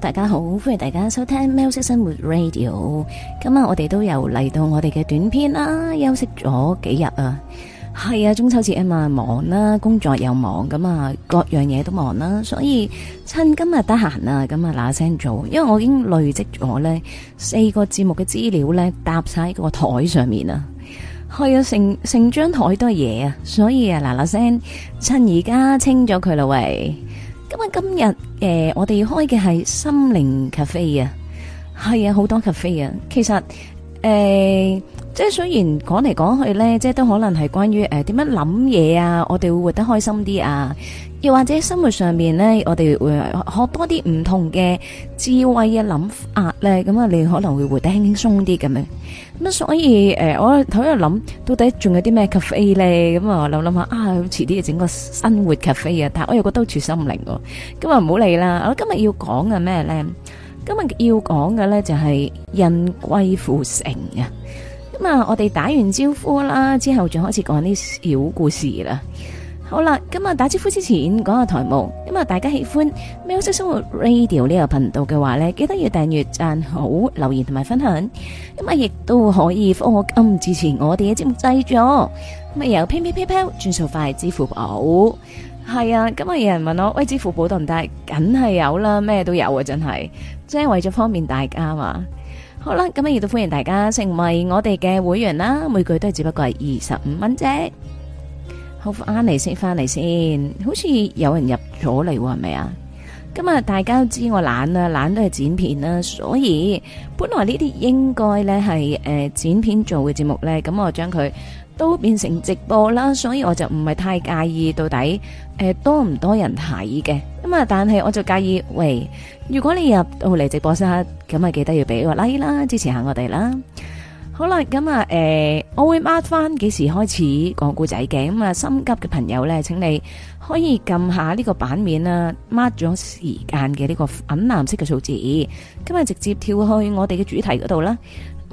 大家好，歡迎大家收聽《喵式生活 Radio》。今日我哋都又嚟到我哋嘅短片啦。休息咗幾日啊，係啊，中秋節啊嘛，忙啦，工作又忙，咁啊，各樣嘢都忙啦，所以趁今日得閒啊，咁啊，嗱嗱聲做，因為我已經累積咗呢四個節目嘅資料呢，搭晒個台上面啊，係啊，成成張台都係嘢啊，所以啊，嗱嗱聲趁而家清咗佢啦喂。因為今日誒、呃，我哋要開嘅係心靈 cafe 啊，係啊，好多咖啡啊，其實誒。呃即係雖然講嚟講去咧，即係都可能係關於誒點樣諗嘢啊。我哋會活得開心啲啊，又或者生活上面咧，我哋會學多啲唔同嘅智慧嘅諗法咧。咁啊，你可能會活得輕輕鬆啲咁樣咁啊。所以誒，我喺度諗到底仲有啲咩 cafe 咧？咁啊，諗諗下啊，遲啲整個生活 cafe 啊。但係我又覺得好處心靈喎，今日唔好理啦。我今日要講嘅咩咧？今日要講嘅咧就係人貴乎誠啊。咁啊、嗯，我哋打完招呼啦，之後仲開始講啲小故事啦。好啦，今、嗯、日打招呼之前講下台務。咁啊、嗯，大家喜歡喵式生活 Radio 個頻呢個頻道嘅話咧，記得要訂閱、讚好、留言同埋分享。咁、嗯、啊，亦都可以幫我撳支持我哋嘅節目製作 p 咁啊，p 飄 p ay p 飄，轉數快，支付寶。係啊，咁啊，有人問我喂，支付寶得唔得？梗係有啦，咩都有啊，真係，即係為咗方便大家嘛。好啦，咁亦都歡迎大家成為我哋嘅會員啦，每個月都係只不過係二十五蚊啫。好返嚟先，翻嚟先，好似有人入咗嚟喎，係咪啊？今日大家都知我懶啊，懶都係剪片啦，所以本來呢啲應該咧係誒剪片做嘅節目咧，咁我將佢，都變成直播啦，所以我就唔係太介意到底誒、呃、多唔多人睇嘅咁啊！但係我就介意，喂，如果你入到嚟直播室，咁啊記得要俾個 like 啦，支持下我哋啦。好啦，咁啊誒，我會 mark 翻幾時開始講故仔嘅，咁、嗯、啊心急嘅朋友呢，請你可以撳下呢個版面啦，mark 咗時間嘅呢個粉藍色嘅數字，今、嗯、日直接跳去我哋嘅主題嗰度啦。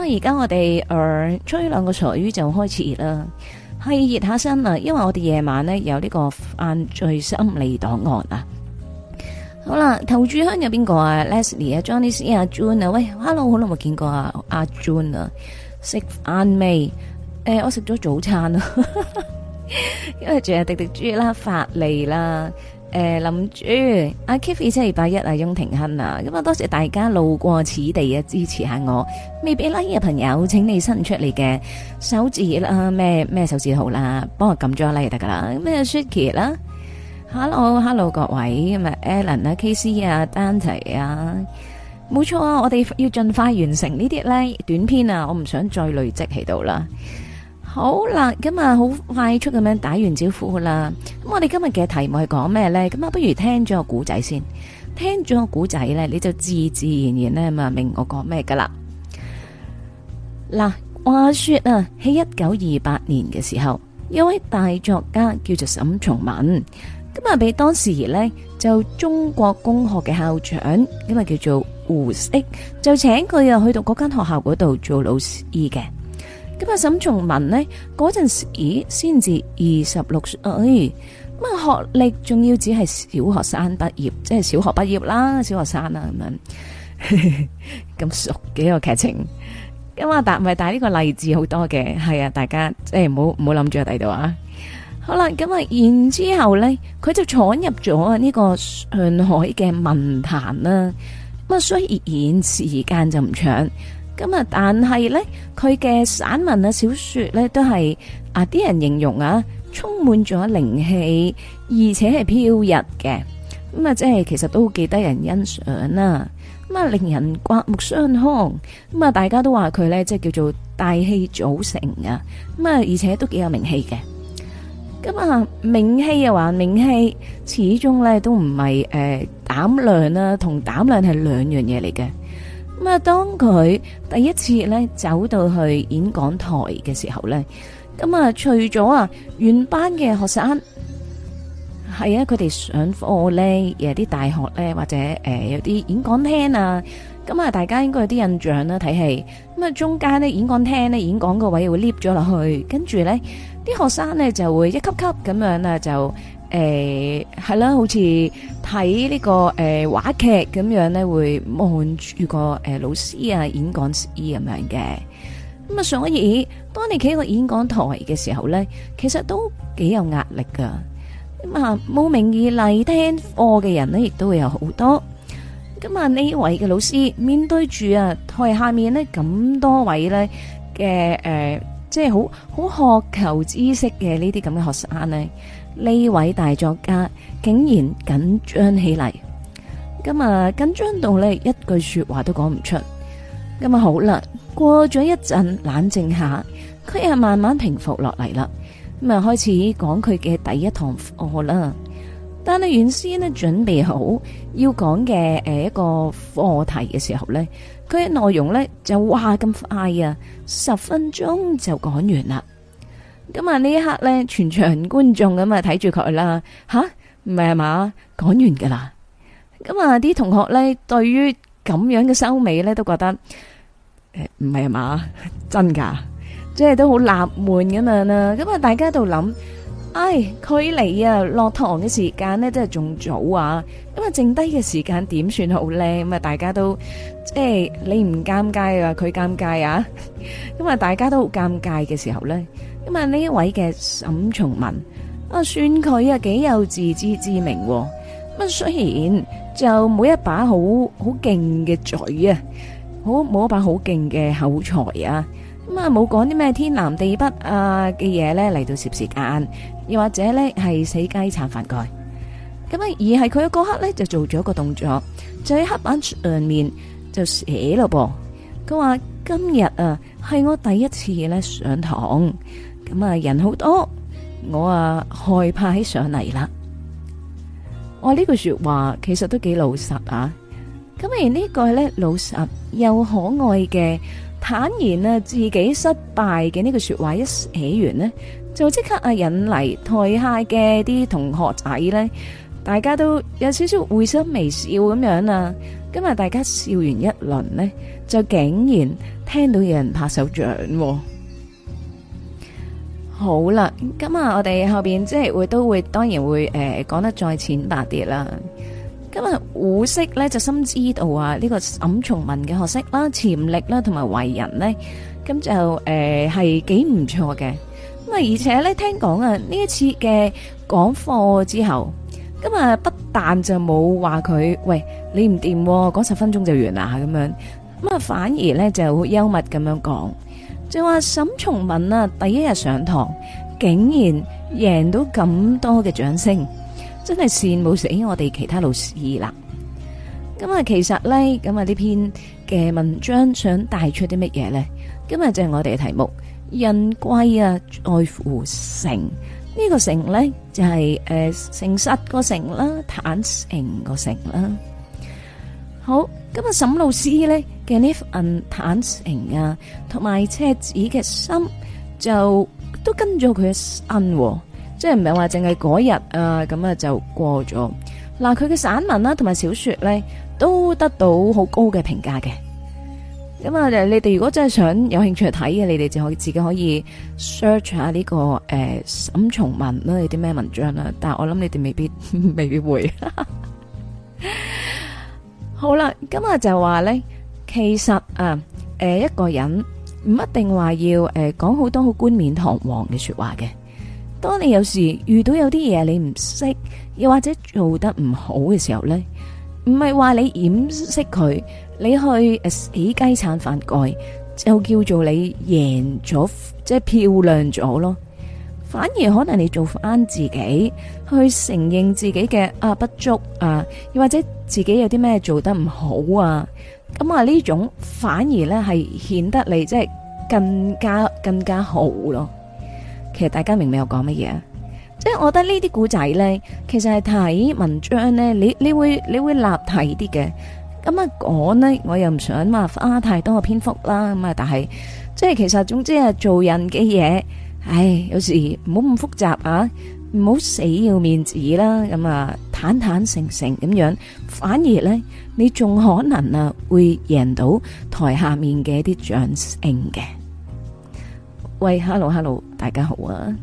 而家我哋，誒、呃，吹兩個潮雨就開始了是熱啦，係熱下身啦，因為我哋夜晚咧有呢個暗醉心理檔案啊。好啦，頭柱香有邊個啊？Leslie 啊，Johnny 啊 John 啊，喂，Hello，好耐冇見過啊，阿 John 啊，食晏未？誒、呃，我食咗早餐啊！ 因為仲有滴滴豬啦，法利啦。誒、呃，林珠，阿、啊、k i f f y 七二八一啊，雍廷亨啊，咁啊多謝大家路過此地啊，支持下我。未俾 like 嘅朋友，請你伸出你嘅手指啦，咩、啊、咩手指好啦，幫我撳咗一 like 得噶啦。咩 Shiki 啦，Hello Hello 各位，咁啊 Allen 啊，KC 啊 Dante 啊，冇錯啊，我哋要盡快完成呢啲 like 短篇啊，我唔想再累積喺度啦。好啦，咁啊，好快速咁樣打完招呼啦。咁我哋今日嘅題目係講咩呢？咁啊，不如聽咗個古仔先。聽咗個古仔呢，你就自自然然咧，咪明我講咩噶啦。嗱，話說啊，喺一九二八年嘅時候，有位大作家叫做沈從文，咁啊，俾當時呢，就中國公學嘅校長，咁啊，叫做胡適，就請佢啊去到嗰間學校嗰度做老師嘅。咁啊，沈從文呢，嗰陣時，咦，先至二十六歲，咁啊，學歷仲要只係小學生畢業，即係小學畢業啦，小學生啦、啊、咁樣，咁 熟嘅、這個劇情，咁啊，但係但係呢個例子好多嘅，係啊，大家即係唔好唔好諗住喺第二度啊，好啦，咁啊，然之後咧，佢就闖入咗啊呢個上海嘅文壇啦，咁啊，雖然演時間就唔長。咁啊！但係咧，佢嘅散文啊、小說咧，都係啊啲人形容啊，充滿咗靈氣，而且係飄逸嘅。咁啊，即係其實都幾得人欣賞啦、啊。咁啊，令人刮目相看。咁啊，大家都話佢咧，即係叫做大氣組成啊。咁啊，而且都幾有名氣嘅。咁啊，名氣又話名氣，始終咧都唔係誒膽量啦、啊，同膽量係兩樣嘢嚟嘅。咁啊，當佢第一次咧走到去演講台嘅時候咧，咁啊，除咗啊，原班嘅學生係啊，佢哋上課咧，有啲大學咧，或者誒、呃、有啲演講廳啊，咁啊，大家應該有啲印象啦，睇戲。咁啊，中間咧演講廳咧演講個位會 lift 咗落去，跟住咧啲學生咧就會一級級咁樣啊就。誒，係啦、哎，好似睇呢個誒、呃、話劇咁樣咧，會望住個誒、呃、老師啊演講師咁樣嘅。咁啊，所以當你企喺個演講台嘅時候咧，其實都幾有壓力噶。咁啊，冇名義嚟聽課嘅人咧，亦都會有好多。咁啊，呢位嘅老師面對住啊台下面呢咁多位咧嘅誒，即係好好渴求知識嘅呢啲咁嘅學生咧。呢位大作家竟然緊張起嚟，咁啊緊張到呢一句說話都講唔出。咁啊好啦，過咗一陣冷靜下，佢又慢慢平復落嚟啦。咁啊開始講佢嘅第一堂課啦。但係原先呢準備好要講嘅誒一個課題嘅時候呢，佢內容呢就嘩咁快啊，十分鐘就講完啦。咁啊！呢一刻咧，全場觀眾咁啊睇住佢啦，吓唔係嘛？講完噶啦。咁啊，啲同學咧對於咁樣嘅收尾咧，都覺得誒唔係嘛？真噶，即係都好納悶咁樣啦。咁啊，大家度諗，唉、哎，距離啊，落堂嘅時間咧，真係仲早啊。咁啊，剩低嘅時間點算好咧？咁啊，大家都即係你唔尷尬，尬啊，佢尷尬啊。咁啊，大家都好尷尬嘅時候咧。咁啊呢一位嘅沈從文啊，算佢啊幾有自知之明咁啊。雖然就冇一把好好勁嘅嘴啊，好冇一把好勁嘅口才啊，咁啊冇講啲咩天南地北啊嘅嘢咧，嚟到涉時間，又或者咧係死雞撐飯蓋。咁啊而係佢嗰刻咧就做咗一個動作，就喺黑板上面就寫咯噃。佢話今日啊係我第一次咧上堂。咁啊，人好多，我啊害怕起上嚟啦。我呢句說話其實都幾老實啊。咁而呢句呢，老實又可愛嘅坦然啊自己失敗嘅呢句說話一寫完呢，就即刻啊引嚟台下嘅啲同學仔呢，大家都有少少會心微笑咁樣啊。今日大家笑完一輪呢，就竟然聽到有人拍手掌啊。好啦，咁啊，我哋後邊即係會都會，當然會誒講得再淺白啲啦。今日胡適咧，就深知道啊呢個沈從文嘅學識啦、潛力啦同埋為人咧，咁就誒係幾唔錯嘅。咁啊，而且咧聽講啊，呢一次嘅講課之後，咁啊不但就冇話佢喂，你唔掂，講十分鐘就完啦咁樣，咁啊反而咧就好幽默咁樣講。就話沈從文啊，第一日上堂竟然贏到咁多嘅掌聲，真係羨慕死我哋其他老師啦。咁啊，其實咧，咁啊呢篇嘅文章想帶出啲乜嘢咧？今日就係我哋嘅題目：人貴啊，在乎誠」這。呢個誠咧、就是，就係誒誠實個誠啦，坦誠個誠」啦。好，咁啊，沈老師咧嘅呢份坦誠啊，同埋赤子嘅心就都跟咗佢嘅恩，即係唔係話淨係嗰日啊，咁啊就過咗。嗱，佢嘅散文啦，同埋小說咧，都得到好高嘅評價嘅。咁啊，你哋如果真係想有興趣睇嘅，你哋就可以自己可以 search 下呢個誒沈從文啦，有啲咩文章啦。但係我諗你哋未必未必會。 好啦，今日就話咧，其實啊，誒，一個人唔一定話要誒講好多好冠冕堂皇嘅說話嘅。當你有時遇到有啲嘢你唔識，又或者做得唔好嘅時候咧，唔係話你掩飾佢，你去誒，起雞鏟飯蓋，就叫做你贏咗，即係漂亮咗咯。反而可能你做翻自己，去承認自己嘅啊不足啊，又或者自己有啲咩做得唔好啊，咁啊呢種反而咧係顯得你即係更加更加好咯。其實大家明唔明我講乜嘢？啊？即係我覺得呢啲古仔咧，其實係睇文章咧，你你會你會立體啲嘅。咁啊講咧，我又唔想話花太多嘅篇幅啦。咁啊，但係即係其實總之係做人嘅嘢。唉，有時唔好咁複雜啊，唔好死要面子啦，咁啊坦坦誠誠咁樣，反而咧你仲可能啊會贏到台下面嘅一啲掌聲嘅。喂，hello hello，大家好啊，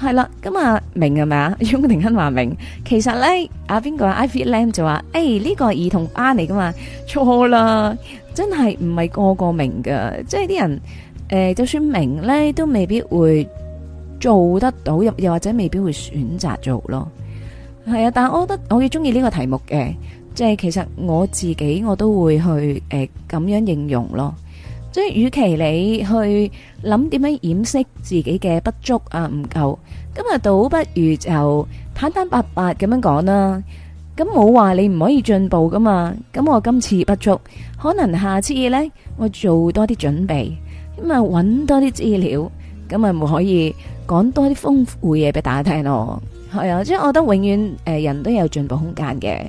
係啦，咁啊明係咪啊？鍾定欣話明，其實咧啊邊個 ivy lam 就話，誒呢個係兒童班嚟噶嘛？錯啦，真係唔係個個明噶，即係啲人。誒、呃，就算明咧，都未必會做得到，又又或者未必會選擇做咯。係啊，但我覺得我好中意呢個題目嘅，即係其實我自己我都會去誒咁、呃、樣應用咯。即係，與其你去諗點樣掩飾自己嘅不足啊，唔夠，咁啊，倒不如就坦坦白白咁樣講啦。咁冇話你唔可以進步噶嘛。咁我今次不足，可能下次呢，我做多啲準備。咁啊，搵多啲資料，咁咪唔可以講多啲豐富嘢俾大家聽咯。係啊，即係我覺得永遠誒、呃，人都有進步空間嘅，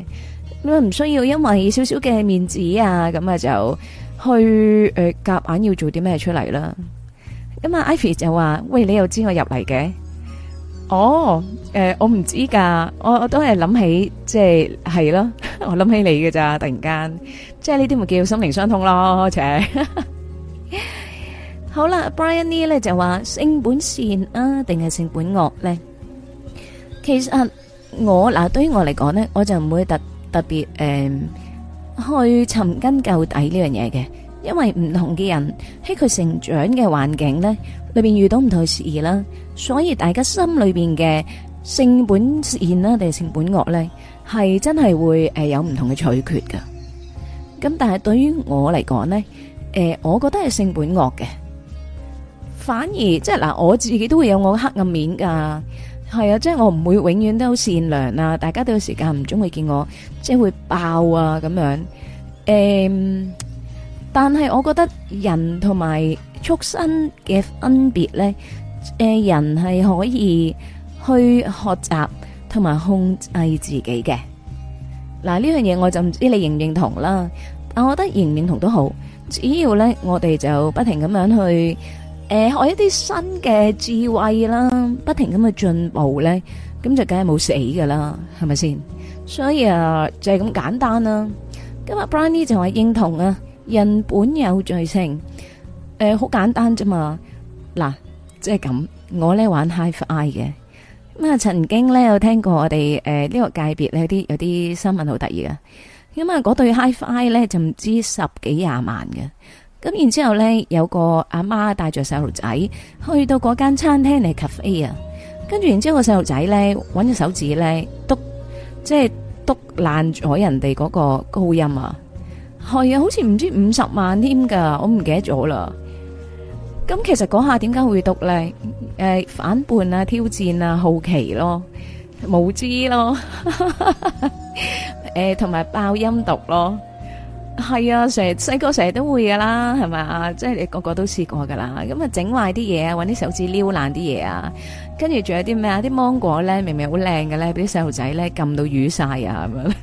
咁啊，唔需要因為少少嘅面子啊，咁啊就去誒夾硬要做啲咩出嚟啦。咁啊，Ivy 就話，喂，你又知我入嚟嘅？哦，誒、呃，我唔知噶，我我都係諗起，即係係咯，我諗起你嘅咋，突然間，即係呢啲咪叫心靈相通咯，請。 好啦，Bryan Lee 咧就話性本善啊，定係性本惡咧？其實我嗱，對於我嚟講咧，我就唔會特特別誒去尋根究底呢樣嘢嘅，因為唔同嘅人喺佢成長嘅環境咧，裏邊遇到唔同嘅事啦，所以大家心裏邊嘅性本善啦，定係性本惡咧，係真係會誒有唔同嘅取決噶。咁但係對於我嚟講咧，誒，我覺得係性本惡嘅。反而即係嗱，我自己都會有我黑暗面噶，係啊，即係我唔會永遠都好善良啊。大家都有時間唔中會見我，即係會爆啊咁樣。誒，但係我覺得人同埋畜生嘅分別呢，誒，人係可以去學習同埋控制自己嘅。嗱呢樣嘢我就唔知你認唔認同啦。但係我覺得認唔認同都好，只要呢我哋就不停咁樣去。誒，學一啲新嘅智慧啦，不停咁去進步咧，咁就梗係冇死噶啦，係咪先？所以啊，就係、是、咁簡單啦、啊。今日 Brandy 就話認同啊，人本有罪性。誒、欸，好簡單啫嘛。嗱，即係咁，我咧玩 HiFi 嘅，咁啊，曾經咧有聽過我哋誒呢個界別咧有啲有啲新聞好得意啊。咁啊，嗰對 HiFi 咧就唔知十幾廿萬嘅。咁然之後咧，有個阿媽，媽帶着細路仔去到嗰間餐廳嚟 cafe 啊，跟住然之後個細路仔咧，揾隻手指咧，篤，即係篤爛咗人哋嗰個高音啊，係啊，好似唔知五十萬添㗎，我唔記得咗啦。咁、嗯、其實嗰下點解會篤咧？誒、呃，反叛啊，挑戰啊，好奇咯，無知咯，誒、 呃，同埋爆音毒咯。係 啊，成日細個成日都會噶啦，係咪啊？即係你個個都試過噶啦，咁啊整壞啲嘢啊，搵啲手指撩爛啲嘢啊，跟住仲有啲咩啊？啲芒果咧，明明好靚嘅咧，俾啲細路仔咧撳到瘀晒啊！咁樣，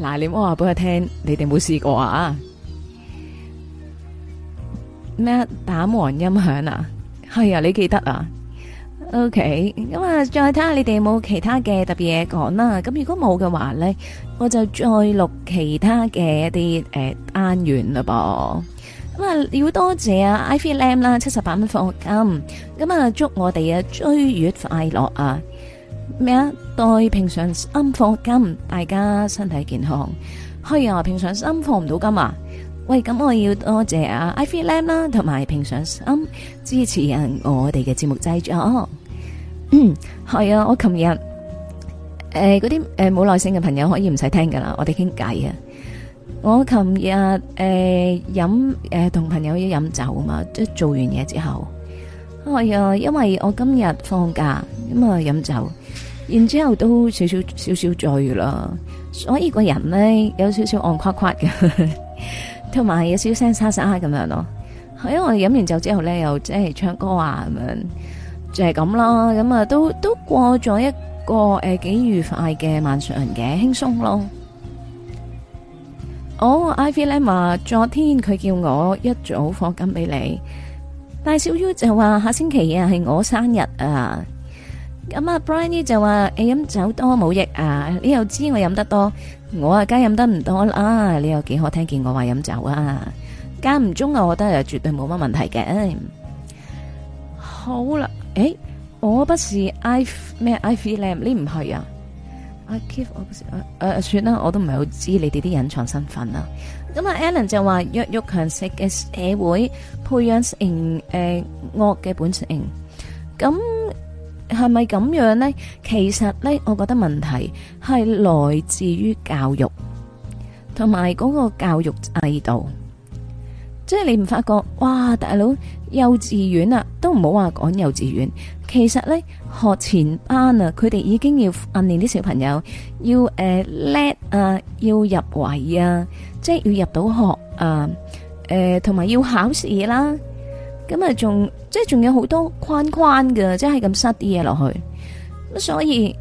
嗱你唔好話俾我聽，你哋冇試過啊？咩打黃音響啊？係啊，你記得啊？O K→，咁啊，再睇下你哋有冇其他嘅特別嘢講啦。咁如果冇嘅話咧，我就再錄其他嘅一啲誒單元啦。噃，咁啊，要多謝啊，I V Lam 啦，七十八蚊課金。咁啊，祝我哋啊追月快樂啊！咩啊？待平常心課金，大家身體健康。係啊，平常心課唔到金啊？喂，咁我要多謝阿 IVY LAM 啦，同埋、nice、平常心支持啊我哋嘅節目製作。哦，係 啊，我琴日誒嗰啲誒冇耐性嘅朋友可以唔使聽噶啦，我哋傾偈啊。我琴日誒飲誒同朋友要飲酒啊嘛，即係做完嘢之後，哎、啊、因為我今日放假咁啊，飲酒，然之後都少少少少，少醉啦，所以個人咧有少少暗夸夸嘅。 同埋有燒聲沙沙咁樣咯，係因為我飲完酒之後咧，又即係唱歌啊咁樣，就係咁咯。咁、嗯、啊都都過咗一個誒幾愉快嘅晚上嘅，輕鬆咯。哦、oh,，Ivanna，、like, 昨天佢叫我一早放金俾你，但係小 U 就話 下星期啊係我生日啊，咁、嗯、啊 b r y n n、e、咧就話飲 酒多冇益啊，你又知我飲得多。我啊，梗飲得唔多啦，你又幾可聽見我話飲酒啊？間唔中啊，我覺得係絕對冇乜問題嘅。好啦，誒、欸，我不是 I 咩 Ivy，你唔係啊？I keep 我不是誒、呃、算啦，我都唔係好知你哋啲隱藏身份啊。咁啊，Alan 就話 弱肉強食嘅社會培養成誒惡嘅本性，咁。係咪咁樣呢？其實呢，我覺得問題係來自於教育，同埋嗰個教育制度。即係你唔發覺，哇！大佬，幼稚園啊，都唔好話講幼稚園，其實呢，學前班啊，佢哋已經要訓練啲小朋友要誒叻、呃、啊，要入圍啊，即係要入到學啊，誒、呃，同埋要考試啦。咁啊，仲即係仲有好多框框㗎，即係咁塞啲嘢落去。咁所以誒、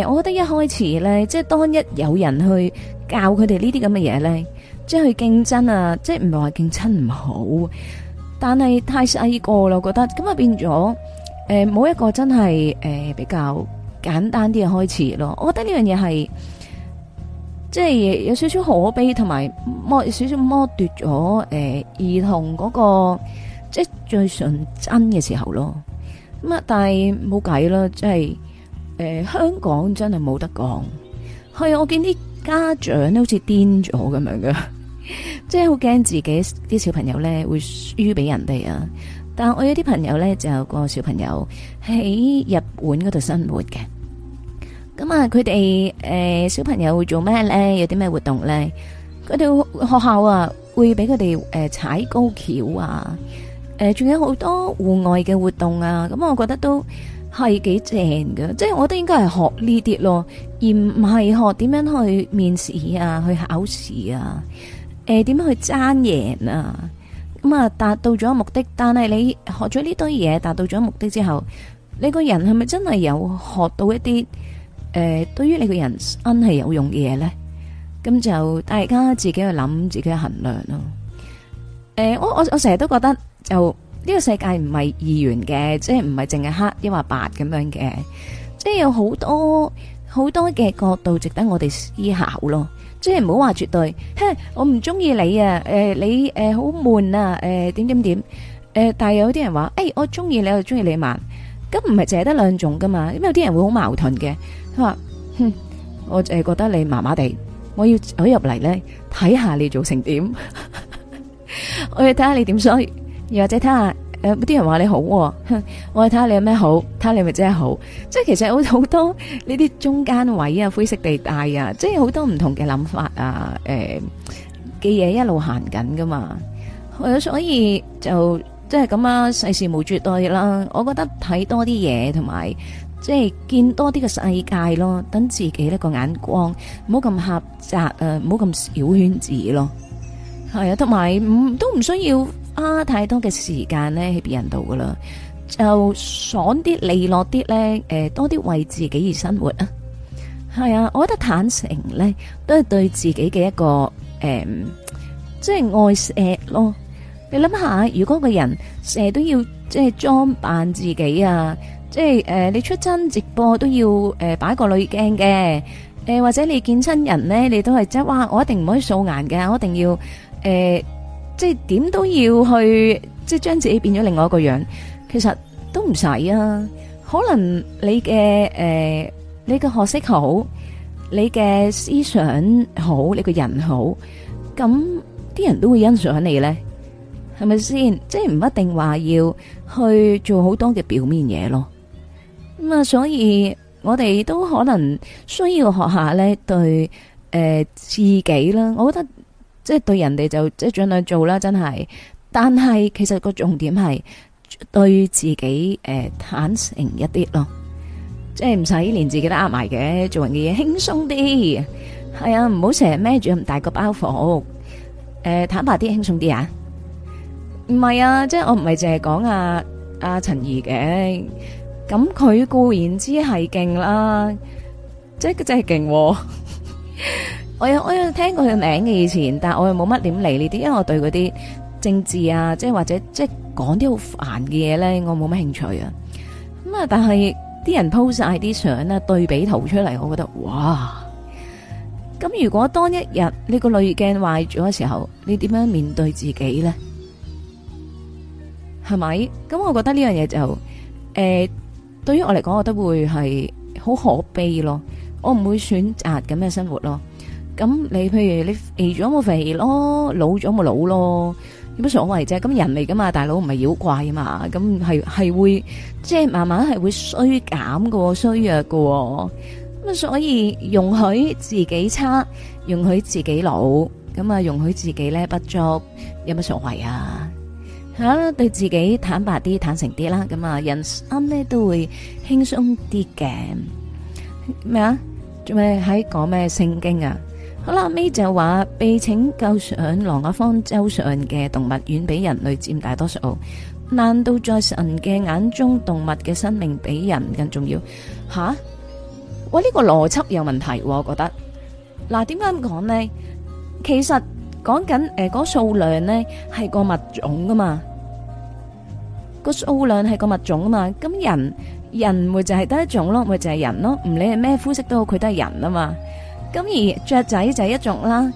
呃，我覺得一開始咧，即係當一有人去教佢哋呢啲咁嘅嘢咧，即係去競爭啊，即係唔係話競爭唔好，但係太細個咯，我覺得咁啊變咗誒，冇、呃、一個真係誒、呃、比較簡單啲嘅開始咯。我覺得呢樣嘢係即係有少少可悲，同埋剝少少剝奪咗誒兒童嗰個。即最純真嘅時候咯。咁、呃、 啊，但係冇計啦，即係誒香港真係冇得講。係啊，我見啲家長都好似癲咗咁樣嘅，即係好驚自己啲小朋友咧會輸俾人哋啊。但係我有啲朋友咧，就有個小朋友喺日本嗰度生活嘅。咁、嗯、啊，佢哋誒小朋友會做咩咧？有啲咩活動咧？佢哋學校啊，會俾佢哋誒踩高蹺啊。誒，仲有好多戶外嘅活動啊，咁我覺得都係幾正㗎，即係我覺得應該係學呢啲咯，而唔係學點樣去面試啊，去考試啊，誒、呃，點樣去爭贏啊，咁啊達到咗目的，但係你學咗呢堆嘢，達到咗目的之後，你個人係咪真係有學到一啲誒、呃，對於你個人真係有用嘅嘢咧？咁就大家自己去諗，自己去衡量咯。誒、呃，我我我成日都覺得就。呢個世界唔係二元嘅，即係唔係淨係黑抑或白咁樣嘅，即係有好多好多嘅角度值得我哋思考咯。即係唔好話絕對，哼，我唔中意你啊，誒，你誒好悶啊，誒點點點，誒，但係有啲人話，誒，我中意你我中意你嘛，咁唔係淨係得兩種噶嘛？因為有啲人會好矛盾嘅，佢話，哼，我淨係覺得你麻麻地，我要走入嚟咧睇下你做成點，我要睇下你點衰。又或者睇下，誒、呃，啲人話你好、哦，我嚟睇下你有咩好，睇下你咪真係好，即係其實有好多呢啲中間位啊、灰色地帶啊，即係好多唔同嘅諗法啊，誒嘅嘢一路行緊噶嘛，所以就即係咁啊，世事無絕對啦。我覺得睇多啲嘢，同埋即係見多啲個世界咯，等自己呢個眼光唔好咁狹窄、啊，誒，唔好咁小圈子咯，係啊，同埋唔都唔需要。啊！太多嘅時間咧喺別人度噶啦，就爽啲、利落啲咧。誒、呃，多啲為自己而生活啊！係 啊，我覺得坦誠咧，都係對自己嘅一個誒、呃，即係愛錫咯。你諗下，如果個人成日都要即係裝扮自己啊，即係誒、呃，你出親直播都要誒擺、呃、個濾鏡嘅，誒、呃、或者你見親人咧，你都係即係哇，我一定唔可以素顏嘅，我一定要誒。呃即係點都要去，即係將自己變咗另外一個樣。其實都唔使啊，可能你嘅誒、呃，你嘅學識好，你嘅思想好，你個人好，咁啲人都會欣賞你咧，係咪先？即係唔一定話要去做好多嘅表面嘢咯。咁啊，所以我哋都可能需要學下咧，對誒、呃、自己啦。我覺得。即係對人哋就即係盡量做啦，真係。但係其實個重點係對自己誒、呃、坦誠一啲咯，即係唔使連自己都呃埋嘅，做人嘅嘢輕鬆啲。係啊，唔好成日孭住咁大個包袱。誒、呃，坦白啲，輕鬆啲啊！唔係啊，即係我唔係淨係講啊阿陳怡嘅，咁佢固然之係勁啦，即係真係勁。 我有我有聽過佢名嘅以前，但我又冇乜點理呢啲，因為我對嗰啲政治啊，即係或者即係講啲好煩嘅嘢咧，我冇乜興趣啊。咁啊，但係啲人 po 晒啲相咧，對比圖出嚟，我覺得哇。咁如果當一日你個濾鏡壞咗嘅時候，你點樣面對自己咧？係咪？咁我覺得呢樣嘢就誒、呃，對於我嚟講，我都會係好可悲咯。我唔會選擇咁嘅生活咯。咁你譬如你肥咗咪肥咯，老咗咪老咯，有乜所謂啫？咁人嚟噶嘛，大佬唔係妖怪啊嘛，咁係係會即係慢慢係會衰減噶，衰弱噶。咁啊，所以容許自己差，容許自己老，咁啊，容許自己咧不足，有乜所謂啊？吓，對自己坦白啲，坦誠啲啦，咁啊，人生咧都會輕鬆啲嘅。咩啊？做咩喺講咩聖經啊？好啦，咪就話被拯救上羅亞方舟上嘅動物園比人類佔大多數，難道在神嘅眼中動物嘅生命比人更重要？吓，喂，呢、這個邏輯有問題，啊，我覺得。嗱，點解咁講呢？其實講緊誒，嗰數、呃、量呢係個物種噶嘛，個數量係個物種啊嘛。咁人，人咪就係得一種咯，咪就係人咯。唔理係咩膚色都好，佢都係人啊嘛。咁而雀仔就一種啦，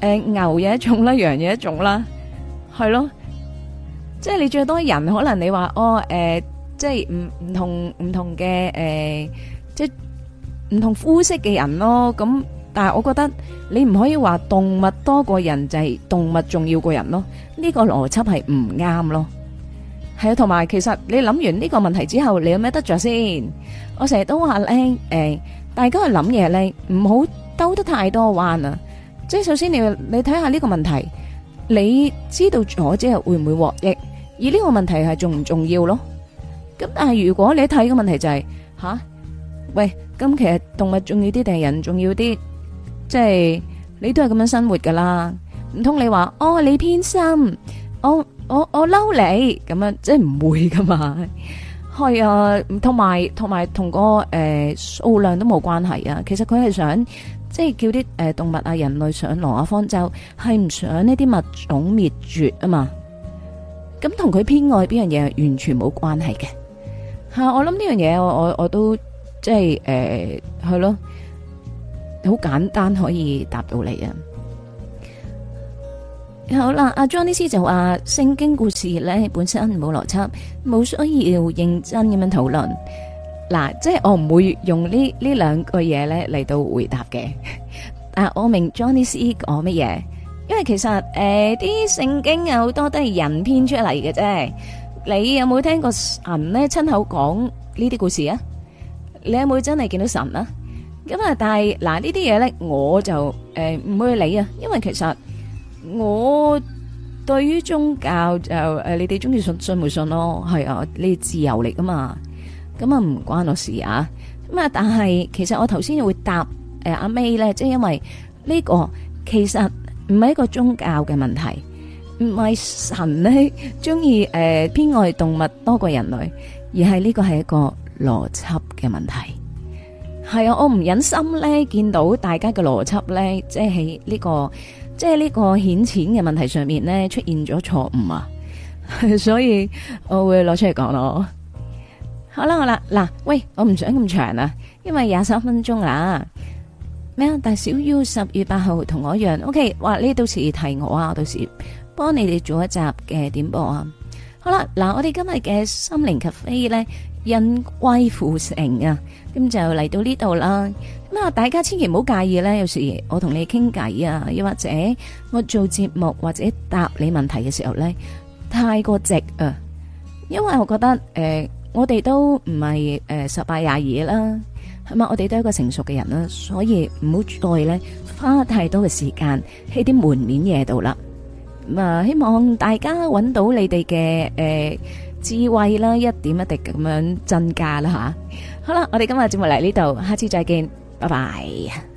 誒牛嘢，一種啦，羊嘢，一種啦，係咯，即係你最多人可能你話哦，誒即係唔唔同唔同嘅誒即係唔同膚色嘅人咯，咁但係我覺得你唔可以話動物多過人就係動物重要過人咯，呢個邏輯係唔啱咯，係啊，同埋其實你諗完呢個問題之後，你有咩得着先？我成日都話咧，誒大家去諗嘢咧，唔好。兜得太多彎啦！即係首先你你睇下呢個問題，你知道咗之後會唔會獲益？而呢個問題係重唔重要咯？咁但係如果你睇個問題就係、是、吓喂，咁其實動物重要啲定係人重要啲？即係你都係咁樣生活噶啦，唔通你話哦你偏心，我我我嬲你咁樣，即係唔會噶嘛？係啊，同埋同埋同個誒數、呃、量都冇關係啊。其實佢係想。即係叫啲誒、呃、動物啊、人類上挪亞方舟，係唔想呢啲物種滅絕啊嘛？咁同佢偏愛邊樣嘢係完全冇關係嘅吓，我諗呢樣嘢我我我都即係誒係咯，好、呃、簡單可以答到你啊。好啦，阿 John 尼斯就話聖經故事咧本身冇邏輯，冇需要認真咁樣討論。嗱，即係我唔會用兩呢呢兩個嘢咧嚟到回答嘅。啊， 我明 Johnny C 講乜嘢，因為其實誒啲聖經有好多都係人編出嚟嘅啫。你有冇聽過神咧親口講呢啲故事啊？你有冇真係見到神啊？咁啊，但係嗱、呃、呢啲嘢咧，我就誒唔、呃、會理啊，因為其實我對於宗教就誒、呃、你哋中意信信唔信咯，係啊，呢個自由嚟噶嘛。咁啊，唔關我事啊！咁啊，但係其實我頭先會答誒、呃、阿 May 咧，即係因為呢個其實唔係一個宗教嘅問題，唔係神咧中意誒偏愛動物多過人類，而係呢個係一個邏輯嘅問題。係啊，我唔忍心咧見到大家嘅邏輯咧，即係喺呢個即係呢個顯淺嘅問題上面咧出現咗錯誤啊， 所以我會攞出嚟講咯。好啦，好啦，嗱喂，我唔想咁長啊，因為廿三分鐘啦咩啊？大小 U 十月八號同我一樣，OK？哇，你到時提我啊，我到時幫你哋做一集嘅點播啊。好啦，嗱，我哋今日嘅心靈 CAFE 呢，人貴乎誠啊，咁、嗯、就嚟到呢度啦。咁啊，大家千祈唔好介意呢，有時我同你傾偈啊，又或者我做節目或者答你問題嘅時候呢，太過直啊，因為我覺得誒。呃我哋都唔係誒十八廿二啦，係嘛？我哋都係一個成熟嘅人啦，所以唔好再咧花太多嘅時間喺啲門面嘢度啦。咁、呃、啊，希望大家揾到你哋嘅誒智慧啦，一點一滴咁樣增加啦吓、啊。好啦，我哋今日節目嚟呢度，下次再見，拜拜。